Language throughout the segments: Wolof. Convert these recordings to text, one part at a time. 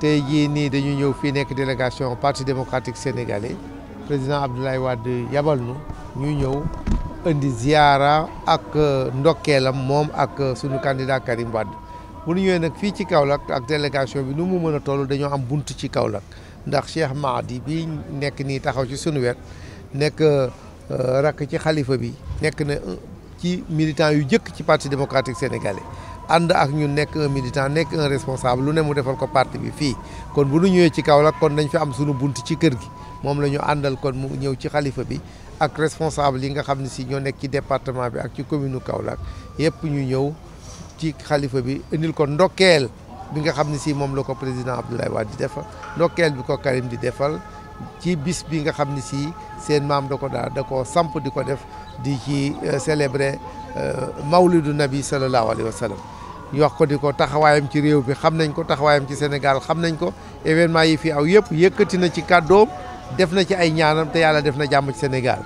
tey jii nii dañu ñëw fii nekk délégation parti démocratique sénégalais président Abdoulaye Wade yabal nu ñu ñëw indi ziara ak euh, ndokkeelam moom ak euh, sunu candidat Karim Wade bu ñu ñëwee nag fii ci Kaolack ak délégation bi nu mu mën a toll dañoo am bunt ci Kaolack ndax Cheikh Mahdi bi nekk nii taxaw ci sunu wet nekk euh, rakk ci xalifa bi nekk na ci militant yu jëkk ci parti démocratique sénégalais ànd ak ñu nekk un militant nekk un responsable lu ne mu defal ko parti bi fii kon bu nu ñëwee ci Kaolack kon dañ fi am sunu bunt ci kër gi moom la ñu àndal kon mu ñëw ci xalifa bi ak responsable yi nga xam ne si ñoo nekk ci département bi ak ci commune u Kaolack yëpp ñu ñëw ci xalifa bi indil ko ndokkeel bi nga xam ne si moom la ko président Abdoulaye Wade di defal ndokkeel bi ko Karim di defal ci bis bi nga xam ne si seen maam da ko da koo samp diko def di ci euh, célébrer euh, mawlidu nabi sallalahu alayhi wa sallam ñu wax ko diko taxawayam ci rew bi xamnañ ko taxawayam ci Sénégal xamnañ ko événement yi fi aw yépp yëkkati na ci cadeau def na ci ay ñaanam te yalla def na jamm ci Sénégal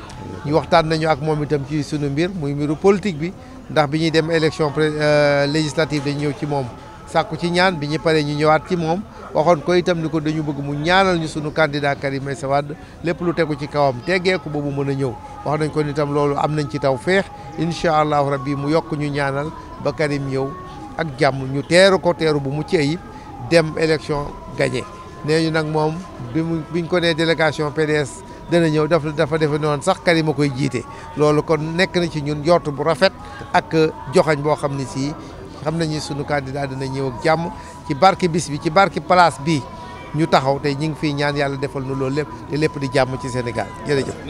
ñu waxtaan nañu ak mom itam ci suñu mbir muy mbiru politique bi ndax biñuy dem élection euh, législative dañ ñëw ci mom sàkku ci ñaan bi ñu paree ñu ñëwaat ci moom waxoon ko itam ni ko dañu bëgg mu ñaanal ñu sunu candidat Karim Meïssa Wade lépp lu tegu ci kawam teggeeku ba mu mën a ñëw wax nañ ko ni itam loolu am nañ ci taw feex incha allahu rabbi mu yokk ñu ñaanal ba Karim ñëw ak jàmm ñu teeru ko teeru bu mucc ayib dem élection gagné nee ñu nag moom bi mu biñ ko nee délégation PDS dana ñëw dafa dafa defe noonu sax Karim a koy jiite loolu kon nekk na ci ñun yort bu rafet ak joxañ boo xam ne sii xam nañu sunu candidat dina ñëw ak jàmm ci barki bis bi ci barki place bi ñu taxaw tey ñu ngi fiy ñaan yàlla defal nu loolu lépp te lépp di jàmm ci Sénégal jërëjëf.